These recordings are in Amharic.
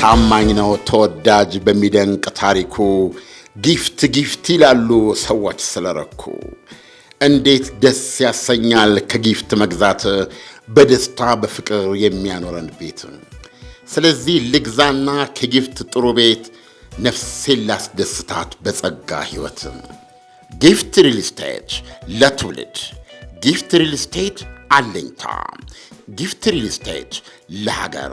ታማኝ ነው ተወዳጅ በሚደንቅ ታሪኩ ጊፍት ጊፍት ይላሉ ሰዎች ስለረኩ። እንዴት ደስ ያሰኛል ከጊፍት መግዛት በደስታ በፍቅር የሚያኖረን ቤት። ስለዚህ ልግዛና ከጊፍት ጥሩ ቤት ነፍሴን ላስደስታት በጸጋ ሕይወት። ጊፍት ሪል ስቴት ለትውልድ ጊፍት ሪል ስቴት አለኝታ ጊፍት ሪል ስቴት ለሀገር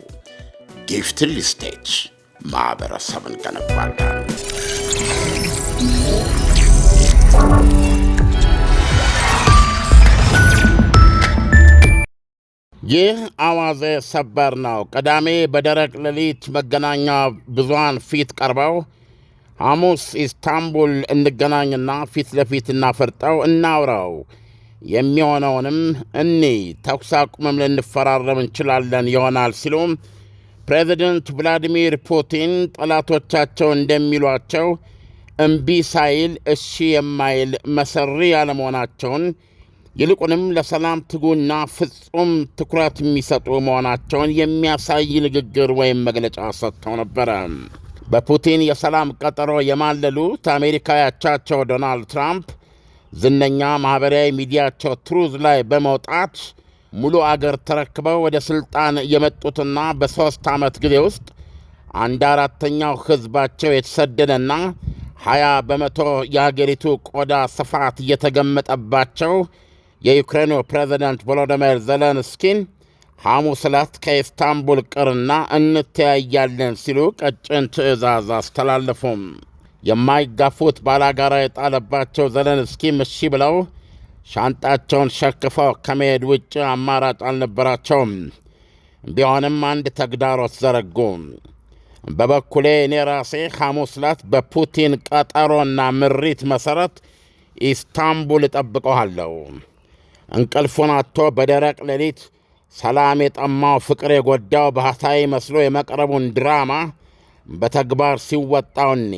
ጊፍትል ስቴት ማህበረሰብን ገነባለን። ይህ አዋዜ ሰበር ነው። ቅዳሜ በደረቅ ሌሊት መገናኛ ብዙሃን ፊት ቀርበው ሐሙስ ኢስታንቡል እንገናኝና ፊት ለፊት እናፈርጠው፣ እናውራው፣ የሚሆነውንም እኒ ተኩስ አቁምም ልንፈራረም እንችላለን ይሆናል ሲሉም ፕሬዚደንት ቭላዲሚር ፑቲን ጠላቶቻቸው እንደሚሏቸው እምቢ ሳይል እሺ የማይል መሰሪ ያለመሆናቸውን ይልቁንም ለሰላም ትጉና ፍጹም ትኩረት የሚሰጡ መሆናቸውን የሚያሳይ ንግግር ወይም መግለጫ ሰጥተው ነበረ። በፑቲን የሰላም ቀጠሮ የማለሉት አሜሪካ ያቻቸው ዶናልድ ትራምፕ ዝነኛ ማኅበራዊ ሚዲያቸው ትሩዝ ላይ በመውጣት ሙሉ አገር ተረክበው ወደ ሥልጣን የመጡትና በሦስት ዓመት ጊዜ ውስጥ አንድ አራተኛው ሕዝባቸው የተሰደደና ሀያ በመቶ የአገሪቱ ቆዳ ስፋት እየተገመጠባቸው የዩክሬኑ ፕሬዚደንት ቮሎዲሚር ዘለንስኪን ሐሙስ ዕለት ከኢስታንቡል ቅርና እንተያያለን ሲሉ ቀጭን ትዕዛዝ አስተላለፉም። የማይጋፉት ባላጋራ የጣለባቸው ዘለንስኪ ምሺ ብለው ሻንጣቸውን ሸክፈው ከመሄድ ውጭ አማራጭ አልነበራቸውም። ቢሆንም አንድ ተግዳሮት ዘረጉ። በበኩሌ እኔ ራሴ ሐሙስ ዕለት በፑቲን ቀጠሮና ምሪት መሠረት ኢስታንቡል እጠብቀኋለሁ። እንቅልፉን አጥቶ በደረቅ ሌሊት ሰላም የጠማው ፍቅር የጎዳው ባህታዊ መስሎ የመቅረቡን ድራማ በተግባር ሲወጣውኒ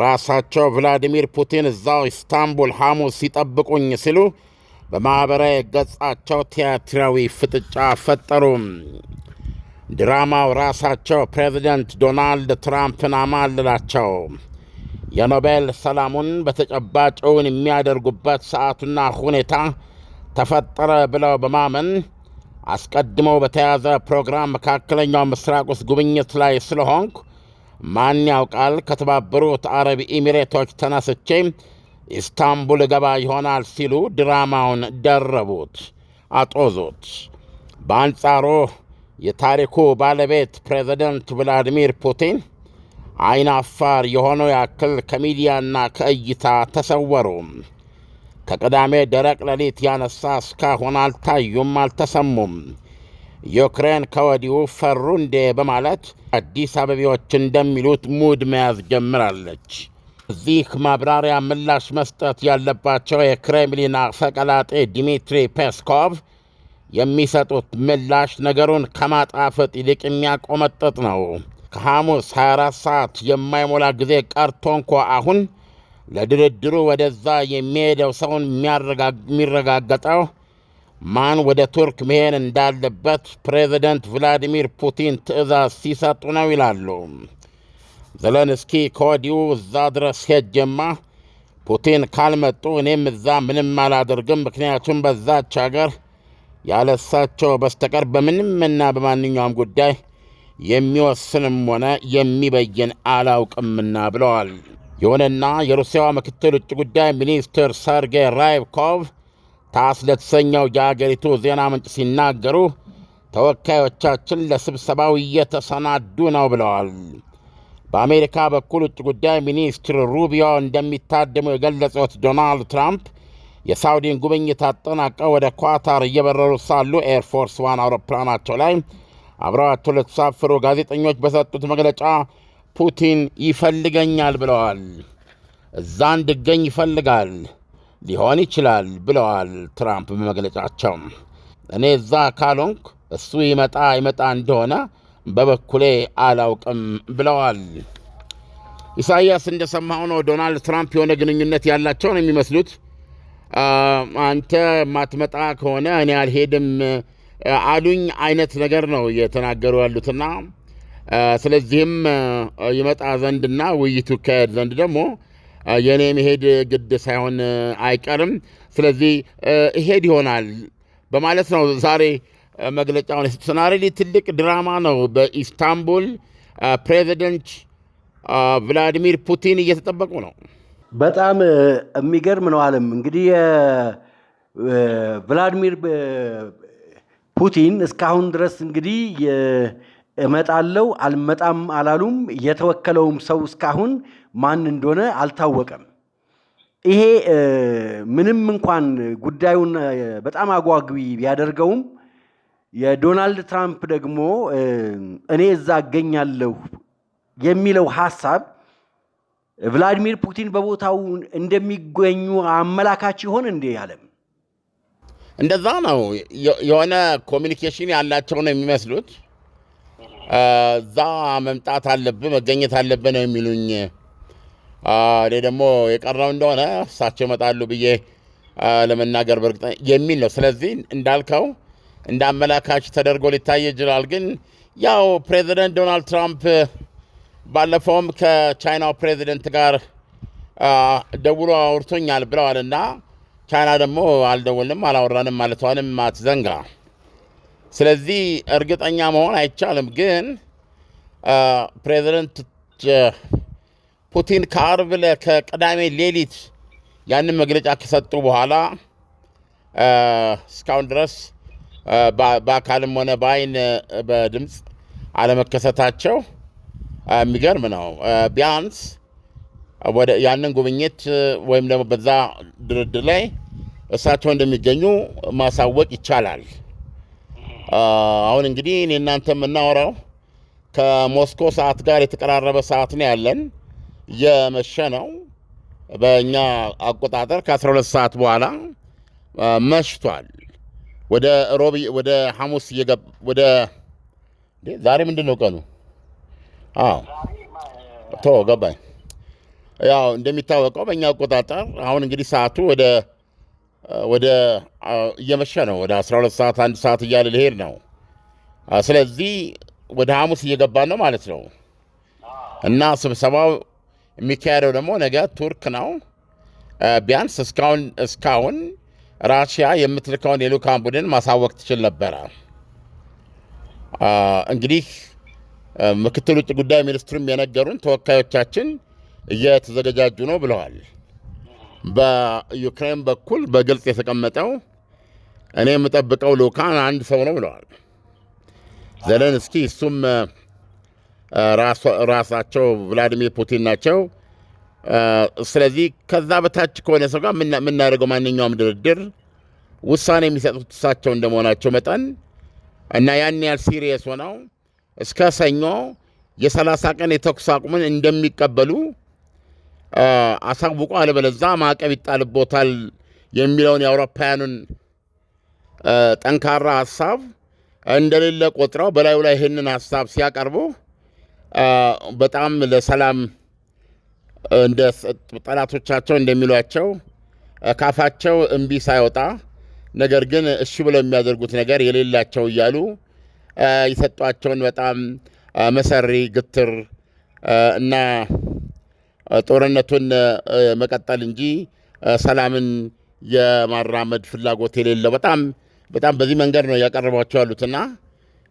ራሳቸው ቭላዲሚር ፑቲን እዛው ኢስታንቡል ሐሙስ ሲጠብቁኝ ሲሉ በማኅበራዊ ገጻቸው ቲያትራዊ ፍጥጫ ፈጠሩ። ድራማው ራሳቸው ፕሬዚደንት ዶናልድ ትራምፕን አማልላቸው የኖቤል ሰላሙን በተጨባጭውን የሚያደርጉበት ሰዓቱና ሁኔታ ተፈጠረ ብለው በማመን አስቀድሞ በተያዘ ፕሮግራም መካከለኛው ምስራቅ ውስጥ ጉብኝት ላይ ስለሆንኩ ማን ያውቃል ከተባበሩት አረብ ኤሚሬቶች ተነስቼ ኢስታንቡል ገባ ይሆናል ሲሉ ድራማውን ደረቡት፣ አጦዞት በአንጻሩ የታሪኩ ባለቤት ፕሬዝደንት ቭላዲሚር ፑቲን አይን አፋር የሆነው ያክል ከሚዲያና ከእይታ ተሰወሩ። ከቅዳሜ ደረቅ ሌሊት ያነሳ እስካሁን አልታዩም፣ አልተሰሙም። ዩክሬን ከወዲሁ ፈሩንዴ በማለት አዲስ አበቤዎች እንደሚሉት ሙድ መያዝ ጀምራለች። እዚህ ማብራሪያ ምላሽ መስጠት ያለባቸው የክሬምሊን አፈቀላጤ ዲሚትሪ ፔስኮቭ የሚሰጡት ምላሽ ነገሩን ከማጣፈጥ ይልቅ የሚያቆመጥጥ ነው። ከሐሙስ 24 ሰዓት የማይሞላ ጊዜ ቀርቶ እንኳ አሁን ለድርድሩ ወደዛ የሚሄደው ሰውን የሚረጋገጠው ማን ወደ ቱርክ መሄድ እንዳለበት ፕሬዚደንት ቭላዲሚር ፑቲን ትዕዛዝ ሲሰጡ ነው ይላሉ። ዘለንስኪ ከወዲሁ እዛ ድረስ ጀማ ፑቲን ካልመጡ እኔም እዛ ምንም አላደርግም፣ ምክንያቱም በዛች አገር ያለሳቸው በስተቀር በምንምና በማንኛውም ጉዳይ የሚወስንም ሆነ የሚበይን አላውቅምና ብለዋል። ይሁንና የሩሲያዋ ምክትል ውጭ ጉዳይ ሚኒስትር ሰርጌይ ራይብኮቭ ታስ ለተሰኘው የአገሪቱ ዜና ምንጭ ሲናገሩ ተወካዮቻችን ለስብሰባው እየተሰናዱ ነው ብለዋል። በአሜሪካ በኩል ውጭ ጉዳይ ሚኒስትር ሩቢዮ እንደሚታደሙ የገለጹት ዶናልድ ትራምፕ የሳውዲን ጉብኝት አጠናቀው ወደ ኳታር እየበረሩ ሳሉ ኤርፎርስ ዋን አውሮፕላናቸው ላይ አብረዋቸው ለተሳፈሩ ጋዜጠኞች በሰጡት መግለጫ ፑቲን ይፈልገኛል ብለዋል። እዛ እንድገኝ ይፈልጋል ሊሆን ይችላል ብለዋል ትራምፕ በመግለጫቸው። እኔ እዛ ካልሆንኩ እሱ ይመጣ ይመጣ እንደሆነ በበኩሌ አላውቅም ብለዋል። ኢሳይያስ እንደሰማሁ ነው ዶናልድ ትራምፕ የሆነ ግንኙነት ያላቸው ነው የሚመስሉት። አንተ ማትመጣ ከሆነ እኔ አልሄድም አሉኝ አይነት ነገር ነው እየተናገሩ ያሉትና ስለዚህም ይመጣ ዘንድና ውይይቱ ይካሄድ ዘንድ ደግሞ የእኔ መሄድ ግድ ሳይሆን አይቀርም። ስለዚህ እሄድ ይሆናል በማለት ነው ዛሬ መግለጫውን የሰጡት። ናሬሊ ትልቅ ድራማ ነው። በኢስታንቡል ፕሬዚደንት ቭላዲሚር ፑቲን እየተጠበቁ ነው። በጣም የሚገርም ነው። ዓለም እንግዲህ ቭላዲሚር ፑቲን እስካሁን ድረስ እንግዲህ እመጣለው አልመጣም አላሉም። የተወከለውም ሰው እስካሁን ማን እንደሆነ አልታወቀም። ይሄ ምንም እንኳን ጉዳዩን በጣም አጓጊ ቢያደርገውም የዶናልድ ትራምፕ ደግሞ እኔ እዛ እገኛለሁ የሚለው ሀሳብ ቭላዲሚር ፑቲን በቦታው እንደሚገኙ አመላካች ይሆን እንዴ? ያለም እንደዛ ነው። የሆነ ኮሚኒኬሽን ያላቸው ነው የሚመስሉት። እዛ መምጣት አለብህ መገኘት አለብህ ነው የሚሉኝ እኔ ደግሞ የቀረው እንደሆነ እሳቸው ይመጣሉ ብዬ ለመናገር በእርግጠ የሚል ነው። ስለዚህ እንዳልከው እንደ አመላካች ተደርጎ ሊታይ ይችላል። ግን ያው ፕሬዚደንት ዶናልድ ትራምፕ ባለፈውም ከቻይናው ፕሬዚደንት ጋር ደውሎ አውርቶኛል ብለዋል እና ቻይና ደግሞ አልደውልም አላወራንም ማለቷንም አትዘንጋ። ስለዚህ እርግጠኛ መሆን አይቻልም። ግን ፕሬዚደንት ፑቲን ከአርብ ከቅዳሜ ሌሊት ያንን መግለጫ ከሰጡ በኋላ እስካሁን ድረስ በአካልም ሆነ በአይን በድምፅ አለመከሰታቸው የሚገርም ነው። ቢያንስ ያንን ጉብኝት ወይም ደግሞ በዛ ድርድር ላይ እሳቸው እንደሚገኙ ማሳወቅ ይቻላል። አሁን እንግዲህ እኔ እናንተ የምናወራው ከሞስኮ ሰዓት ጋር የተቀራረበ ሰዓት ነው ያለን። የመሸ ነው። በእኛ አቆጣጠር ከ12 ሰዓት በኋላ መሽቷል። ወደ ሮብ ወደ ሐሙስ እየገባ ወደ ዛሬ ምንድን ነው ቀኑ? አዎ ቶ ገባኝ። ያው እንደሚታወቀው በእኛ አቆጣጠር አሁን እንግዲህ ሰዓቱ ወደ ወደ እየመሸ ነው። ወደ 12 ሰዓት አንድ ሰዓት እያለ ልሄድ ነው። ስለዚህ ወደ ሐሙስ እየገባን ነው ማለት ነው እና ስብሰባው የሚካሄደው ደግሞ ነገ ቱርክ ነው። ቢያንስ እስካሁን እስካሁን ራሽያ የምትልከውን የልዑካን ቡድን ማሳወቅ ትችል ነበረ። እንግዲህ ምክትል ውጭ ጉዳይ ሚኒስትሩም የነገሩን ተወካዮቻችን እየተዘገጃጁ ነው ብለዋል። በዩክሬን በኩል በግልጽ የተቀመጠው እኔ የምጠብቀው ልዑካን አንድ ሰው ነው ብለዋል ዘለንስኪ እሱም ራሳቸው ቭላዲሚር ፑቲን ናቸው። ስለዚህ ከዛ በታች ከሆነ ሰው ጋር የምናደርገው ማንኛውም ድርድር ውሳኔ የሚሰጡት እሳቸው እንደመሆናቸው መጠን እና ያን ያህል ሲሪየስ ሆነው እስከ ሰኞ የሰላሳ ቀን የተኩስ አቁምን እንደሚቀበሉ አሳውቆ አለበለዛ ማዕቀብ ይጣልቦታል የሚለውን የአውሮፓውያኑን ጠንካራ ሀሳብ እንደሌለ ቆጥረው በላዩ ላይ ይህንን ሀሳብ ሲያቀርቡ በጣም ለሰላም ጠላቶቻቸው እንደሚሏቸው ካፋቸው እምቢ ሳይወጣ ነገር ግን እሺ ብለው የሚያደርጉት ነገር የሌላቸው እያሉ የሰጧቸውን በጣም መሰሪ ግትር እና ጦርነቱን መቀጠል እንጂ ሰላምን የማራመድ ፍላጎት የሌለው በጣም በጣም በዚህ መንገድ ነው እያቀረቧቸው ያሉትና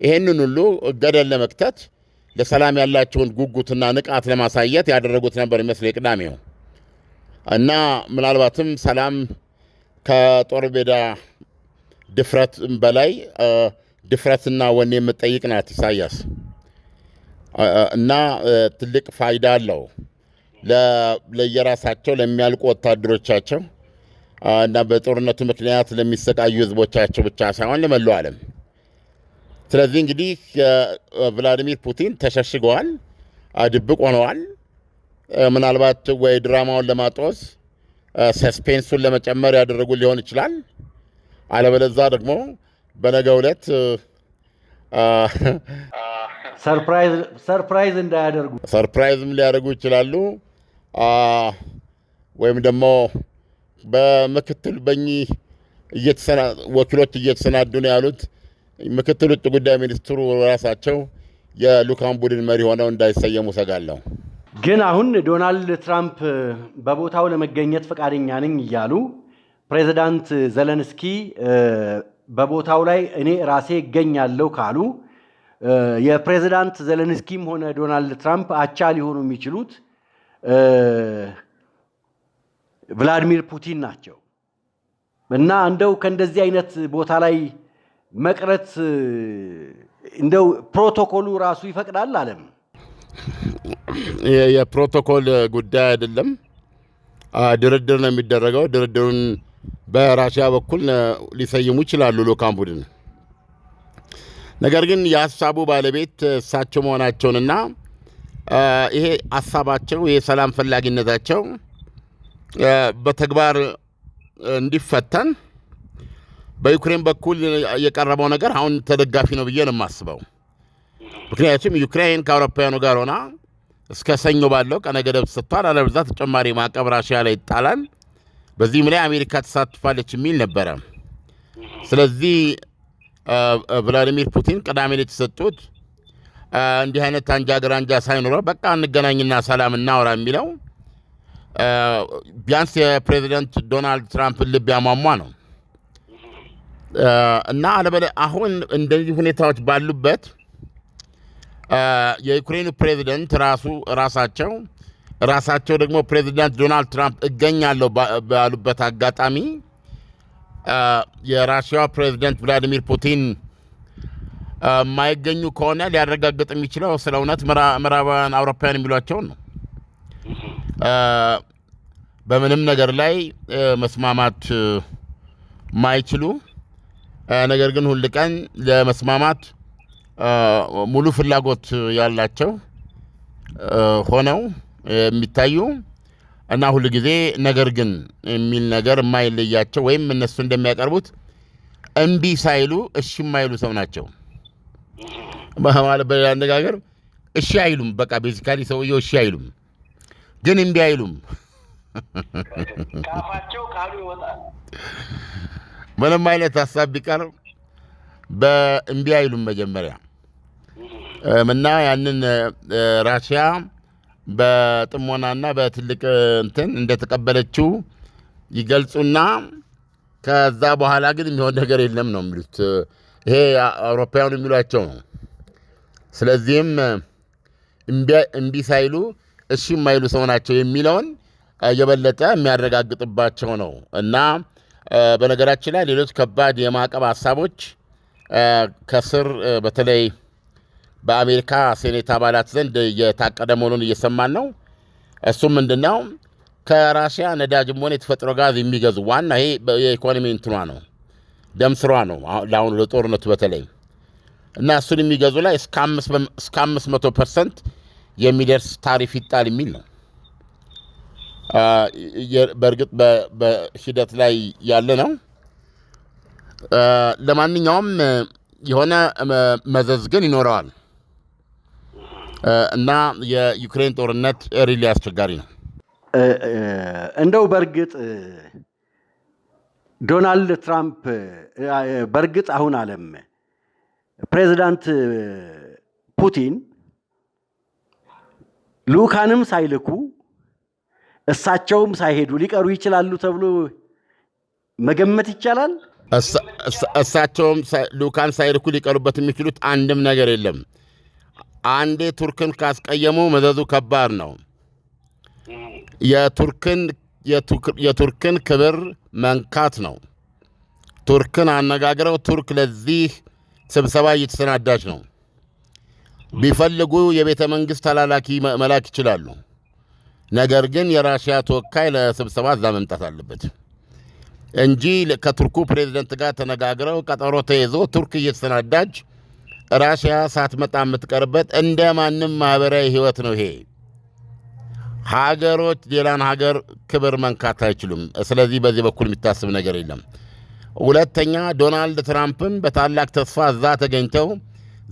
ይህንን ሁሉ ገደል ለመክተት ለሰላም ያላቸውን ጉጉትና ንቃት ለማሳየት ያደረጉት ነበር ይመስል የቅዳሜው እና ምናልባትም ሰላም ከጦር ሜዳ ድፍረት በላይ ድፍረትና ወኔ የምጠይቅ ናት ኢሳያስ እና ትልቅ ፋይዳ አለው ለየራሳቸው ለሚያልቁ ወታደሮቻቸው እና በጦርነቱ ምክንያት ለሚሰቃዩ ህዝቦቻቸው ብቻ ሳይሆን ለመላው ዓለም ስለዚህ እንግዲህ ቭላዲሚር ፑቲን ተሸሽገዋል፣ ድብቅ ሆነዋል። ምናልባት ወይ ድራማውን ለማጦስ ሰስፔንሱን ለመጨመር ያደረጉ ሊሆን ይችላል። አለበለዛ ደግሞ በነገ ዕለት ሰርፕራይዝ እንዳያደርጉ ሰርፕራይዝም ሊያደርጉ ይችላሉ። ወይም ደግሞ በምክትል በእኚህ ወኪሎች እየተሰናዱ ነው ያሉት ምክትል ውጭ ጉዳይ ሚኒስትሩ ራሳቸው የልዑካን ቡድን መሪ ሆነው እንዳይሰየሙ ሰጋለሁ። ግን አሁን ዶናልድ ትራምፕ በቦታው ለመገኘት ፈቃደኛ ነኝ እያሉ ፕሬዚዳንት ዘለንስኪ በቦታው ላይ እኔ ራሴ እገኛለሁ ካሉ የፕሬዚዳንት ዘለንስኪም ሆነ ዶናልድ ትራምፕ አቻ ሊሆኑ የሚችሉት ቭላዲሚር ፑቲን ናቸው እና እንደው ከእንደዚህ አይነት ቦታ ላይ መቅረት እንደው ፕሮቶኮሉ ራሱ ይፈቅዳል አለም። የፕሮቶኮል ጉዳይ አይደለም፣ ድርድር ነው የሚደረገው። ድርድሩን በራሽያ በኩል ሊሰይሙ ይችላሉ ልዑካን ቡድን። ነገር ግን የሀሳቡ ባለቤት እሳቸው መሆናቸውንና ይሄ ሀሳባቸው ይሄ ሰላም ፈላጊነታቸው በተግባር እንዲፈተን በዩክሬን በኩል የቀረበው ነገር አሁን ተደጋፊ ነው ብዬ ነው የማስበው። ምክንያቱም ዩክሬን ከአውሮፓውያኑ ጋር ሆና እስከ ሰኞ ባለው ቀነ ገደብ ሰጥቷል። አለበዛ ተጨማሪ ማዕቀብ ራሽያ ላይ ይጣላል፣ በዚህም ላይ አሜሪካ ተሳትፋለች የሚል ነበረ። ስለዚህ ቭላዲሚር ፑቲን ቅዳሜ ላይ የተሰጡት እንዲህ አይነት አንጃ ግራንጃ ሳይኖረው በቃ እንገናኝና ሰላም እናውራ የሚለው ቢያንስ የፕሬዚደንት ዶናልድ ትራምፕን ልብ ያሟሟ ነው። እና አለበለ አሁን እንደዚህ ሁኔታዎች ባሉበት የዩክሬኑ ፕሬዚደንት ራሱ ራሳቸው ራሳቸው ደግሞ ፕሬዚዳንት ዶናልድ ትራምፕ እገኛለሁ ባሉበት አጋጣሚ የራሽያ ፕሬዚደንት ቭላዲሚር ፑቲን የማይገኙ ከሆነ ሊያረጋግጥ የሚችለው ስለ እውነት ምዕራባውያን አውሮፓውያን የሚሏቸውን ነው። በምንም ነገር ላይ መስማማት ማይችሉ ነገር ግን ሁል ቀን ለመስማማት ሙሉ ፍላጎት ያላቸው ሆነው የሚታዩ እና ሁል ጊዜ ነገር ግን የሚል ነገር የማይለያቸው ወይም እነሱ እንደሚያቀርቡት እምቢ ሳይሉ እሺ የማይሉ ሰው ናቸው። ማለት በሌላ አነጋገር እሺ አይሉም። በቃ ቤዚካሊ ሰውየው እሺ አይሉም፣ ግን እምቢ አይሉም። ካፋቸው ቃሉ ይወጣል። ምንም አይነት ሀሳብ ቢቀርብ በእምቢ አይሉም መጀመሪያ እና ያንን ራሽያ በጥሞናና በትልቅ እንትን እንደተቀበለችው ይገልጹና ከዛ በኋላ ግን የሚሆን ነገር የለም ነው የሚሉት። ይሄ አውሮፓውያኑ የሚሏቸው ነው። ስለዚህም እምቢ ሳይሉ እሺ የማይሉ ሰው ናቸው የሚለውን የበለጠ የሚያረጋግጥባቸው ነው እና በነገራችን ላይ ሌሎች ከባድ የማዕቀብ ሀሳቦች ከስር በተለይ በአሜሪካ ሴኔት አባላት ዘንድ እየታቀደ መሆኑን እየሰማን ነው። እሱም ምንድነው? ከራሽያ ነዳጅም ሆነ የተፈጥሮ ጋዝ የሚገዙ ዋና ይሄ የኢኮኖሚ እንትኗ ነው፣ ደም ስሯ ነው ለአሁኑ ለጦርነቱ በተለይ እና እሱን የሚገዙ ላይ እስከ አምስት መቶ ፐርሰንት የሚደርስ ታሪፍ ይጣል የሚል ነው። በእርግጥ በሂደት ላይ ያለ ነው። ለማንኛውም የሆነ መዘዝ ግን ይኖረዋል እና የዩክሬን ጦርነት ሪሊ አስቸጋሪ ነው። እንደው በእርግጥ ዶናልድ ትራምፕ በእርግጥ አሁን አለም ፕሬዚዳንት ፑቲን ልኡካንም ሳይልኩ እሳቸውም ሳይሄዱ ሊቀሩ ይችላሉ ተብሎ መገመት ይቻላል። እሳቸውም ልኡካን ሳይልኩ ሊቀሩበት የሚችሉት አንድም ነገር የለም። አንዴ ቱርክን ካስቀየሙ መዘዙ ከባድ ነው። የቱርክን ክብር መንካት ነው። ቱርክን አነጋግረው ቱርክ ለዚህ ስብሰባ እየተሰናዳች ነው። ቢፈልጉ የቤተ መንግሥት ተላላኪ መላክ ይችላሉ። ነገር ግን የራሽያ ተወካይ ለስብሰባ እዛ መምጣት አለበት እንጂ ከቱርኩ ፕሬዚደንት ጋር ተነጋግረው ቀጠሮ ተይዞ ቱርክ እየተሰናዳች ራሽያ ሳትመጣ የምትቀርበት እንደ ማንም ማህበራዊ ህይወት ነው። ይሄ ሀገሮች ሌላን ሀገር ክብር መንካት አይችሉም። ስለዚህ በዚህ በኩል የሚታስብ ነገር የለም። ሁለተኛ ዶናልድ ትራምፕም በታላቅ ተስፋ እዛ ተገኝተው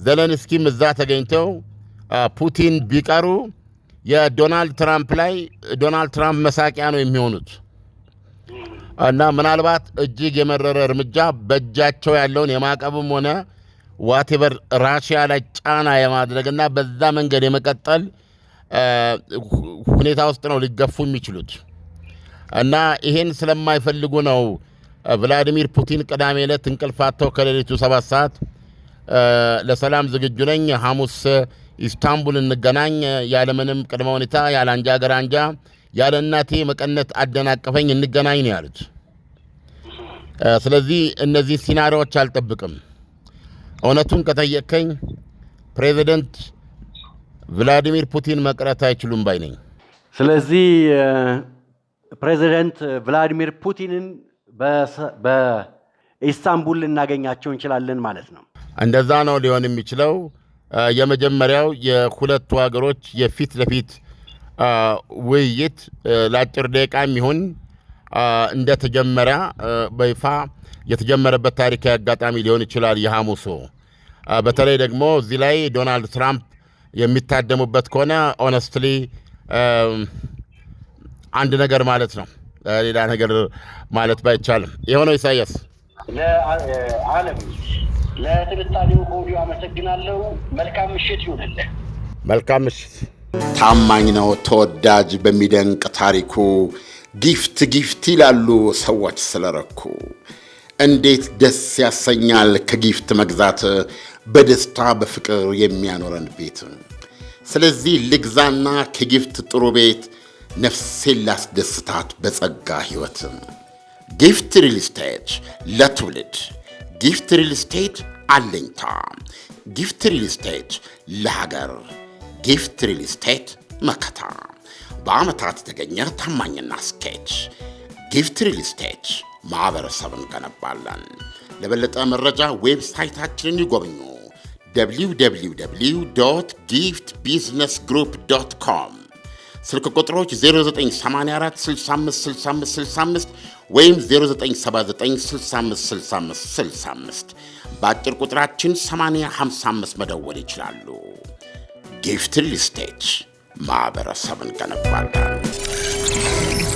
ዘለንስኪም እዛ ተገኝተው ፑቲን ቢቀሩ የዶናልድ ትራምፕ ላይ ዶናልድ ትራምፕ መሳቂያ ነው የሚሆኑት እና ምናልባት እጅግ የመረረ እርምጃ በእጃቸው ያለውን የማዕቀብም ሆነ ዋቴቨር ራሽያ ላይ ጫና የማድረግ እና በዛ መንገድ የመቀጠል ሁኔታ ውስጥ ነው ሊገፉ የሚችሉት እና ይሄን ስለማይፈልጉ ነው ቭላዲሚር ፑቲን ቅዳሜ ዕለት እንቅልፋተው ከሌሊቱ ሰባት ሰዓት ለሰላም ዝግጁ ነኝ ሐሙስ ኢስታንቡል እንገናኝ ያለምንም ቅድመ ሁኔታ ያለ አንጃ ሀገር አንጃ ያለ እናቴ መቀነት አደናቀፈኝ እንገናኝ ነው ያሉት። ስለዚህ እነዚህ ሲናሪዎች አልጠብቅም። እውነቱን ከጠየቅከኝ ፕሬዚደንት ቭላዲሚር ፑቲን መቅረት አይችሉም ባይ ነኝ። ስለዚህ ፕሬዚደንት ቭላዲሚር ፑቲንን በኢስታንቡል ልናገኛቸው እንችላለን ማለት ነው። እንደዛ ነው ሊሆን የሚችለው። የመጀመሪያው የሁለቱ ሀገሮች የፊት ለፊት ውይይት ለአጭር ደቂቃ የሚሆን እንደተጀመረ በይፋ የተጀመረበት ታሪካዊ አጋጣሚ ሊሆን ይችላል። የሐሙሱ በተለይ ደግሞ እዚህ ላይ ዶናልድ ትራምፕ የሚታደሙበት ከሆነ ኦነስትሊ አንድ ነገር ማለት ነው፣ ሌላ ነገር ማለት ባይቻልም የሆነው ኢሳያስ ለዓለም ለትንታኔው ከወዲሁ አመሰግናለሁ። መልካም ምሽት ይሁንልህ። መልካም ምሽት። ታማኝ ነው ተወዳጅ በሚደንቅ ታሪኩ ጊፍት ጊፍት ይላሉ ሰዎች ስለረኩ። እንዴት ደስ ያሰኛል ከጊፍት መግዛት በደስታ በፍቅር የሚያኖረን ቤት። ስለዚህ ልግዛና ከጊፍት ጥሩ ቤት ነፍሴን ላስደስታት በጸጋ ሕይወት ጊፍት ሪል ለትውልድ ጊፍት ሪል ስቴት አለኝታ። ጊፍት ሪል ስቴት ለሀገር ጊፍት ሪል ስቴት መከታ በዓመታት የተገኘ ታማኝና ስኬች ጊፍት ሪል ስቴት ማኅበረሰብን ገነባለን። ለበለጠ መረጃ ዌብሳይታችንን ይጎብኙ፣ www ጊፍት ቢዝነስ ግሩፕ ዶት ኮም ስልክ ቁጥሮች 0984656565 ወይም 0979656565 በአጭር ቁጥራችን 855 መደወል ይችላሉ። ጊፍትል ስቴት ማኅበረሰብን ገነባለን።